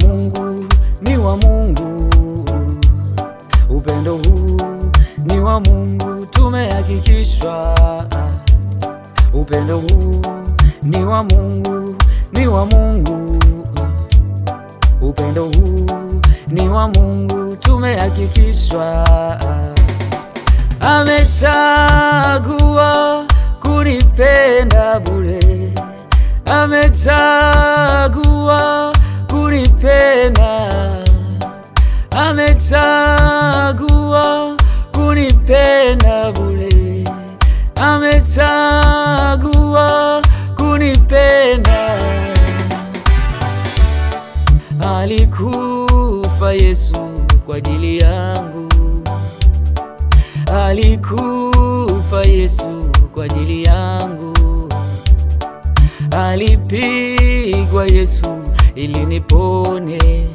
Mungu ni wa Mungu, upendo huu ni wa Mungu, tumehakikishwa. Upendo huu ni wa Mungu, ni wa Mungu, upendo huu ni wa Mungu, tumehakikishwa. Amechagua kunipenda bure, amechagua amechagua kunipenda bure, amechagua kunipenda. Alikufa Yesu kwa ajili yangu, alikufa Yesu kwa ajili yangu, alipigwa Yesu ili nipone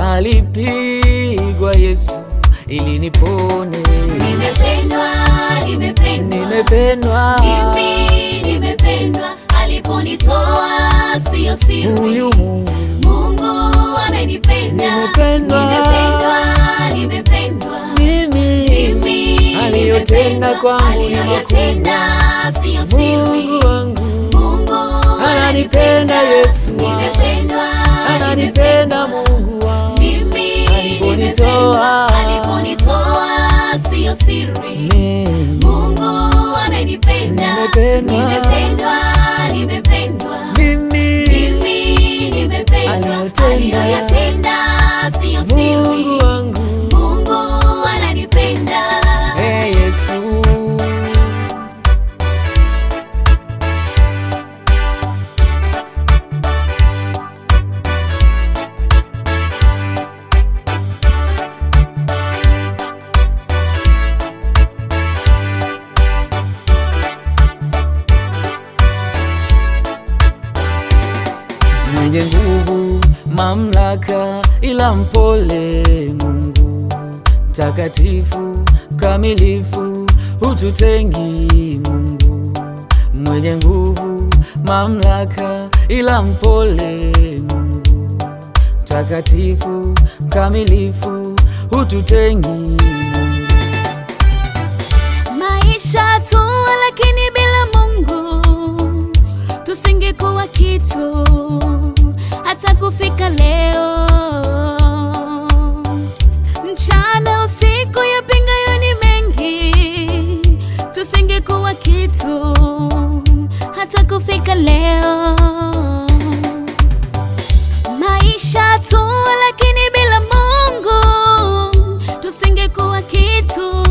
alipigwa Yesu ili nipone. Nimependwa, nimependwa, nimependwa, mimi nimependwa, aliponitoa sio siri, huyu Mungu amenipenda. Nimependwa, nimependwa, mimi aliyotenda kwangu ni makuu aliponitoa siyo siri. Mungu amenipenda, nimependwa, nimependwa mimi, nimependwa. Aliyoyatenda siyo siri. Mungu ananipenda, hey, Yesu mwenye nguvu, mamlaka, ila mpole Mungu mtakatifu, kamilifu, hututengi Mungu mwenye nguvu, mamlaka, ila mpole Mungu mtakatifu, kamilifu, hututengi mchana usiku, ya yapingayo ni mengi, tusingekuwa kitu hata kufika leo. Maisha tu, lakini bila Mungu tusingekuwa kitu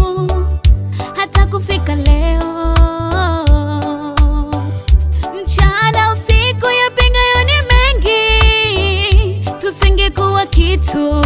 hata kufika leo. Mchana usiku, ya yapingayo ni mengi, tusingekuwa kitu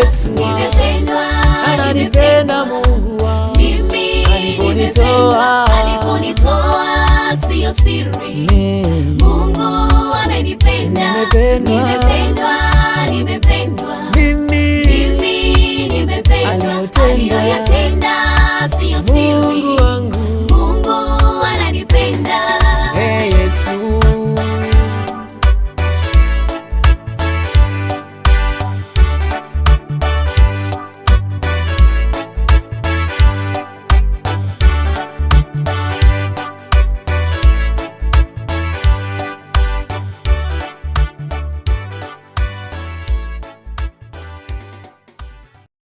Wow. Aliponitoa siri, Mungu amenipenda, nimependwa, nimependwa, mimi nimependwa, aliyoyatenda